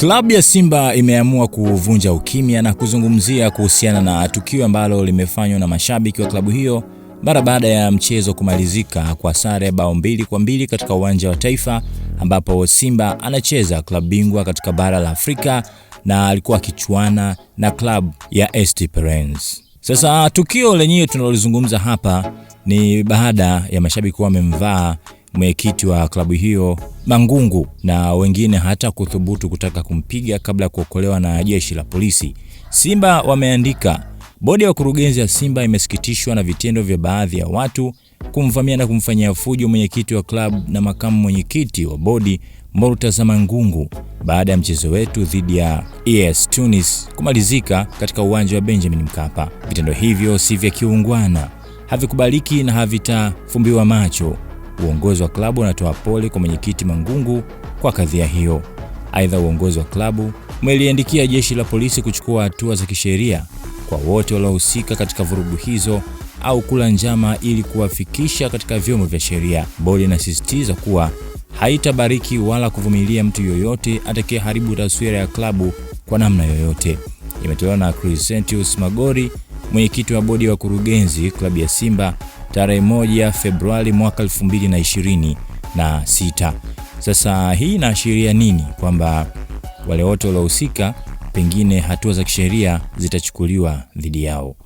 Klabu ya Simba imeamua kuvunja ukimya na kuzungumzia kuhusiana na tukio ambalo limefanywa na mashabiki wa klabu hiyo mara baada ya mchezo kumalizika kwa sare bao mbili kwa mbili katika uwanja wa Taifa ambapo Simba anacheza klabu bingwa katika bara la Afrika na alikuwa akichuana na klabu ya Esperance. Sasa tukio lenyewe tunalolizungumza hapa ni baada ya mashabiki wamemvaa mwenyekiti wa klabu hiyo Mangungu na wengine hata kuthubutu kutaka kumpiga kabla ya kuokolewa na jeshi la polisi. Simba wameandika, bodi ya wakurugenzi ya Simba imesikitishwa na vitendo vya baadhi ya watu kumvamia na kumfanyia fujo mwenyekiti wa klabu na makamu mwenyekiti wa bodi Murtaza Mangungu baada ya mchezo wetu dhidi ya ES Tunis kumalizika katika uwanja wa Benjamin Mkapa. Vitendo hivyo si vya kiungwana, havikubaliki na havitafumbiwa macho. Uongozi wa klabu unatoa pole kwa mwenyekiti Mangungu kwa kadhia hiyo. Aidha, uongozi wa klabu umeliandikia jeshi la polisi kuchukua hatua za kisheria kwa wote waliohusika katika vurugu hizo au kula njama ili kuwafikisha katika vyombo vya sheria. Bodi inasisitiza kuwa haitabariki wala kuvumilia mtu yoyote atakayeharibu taswira ya klabu kwa namna yoyote. Imetolewa na Crescentius Magori, mwenyekiti wa bodi ya wa wakurugenzi klabu ya Simba tarehe moja Februari mwaka 2026. Sasa hii inaashiria nini? Kwamba wale wote waliohusika pengine hatua za kisheria zitachukuliwa dhidi yao.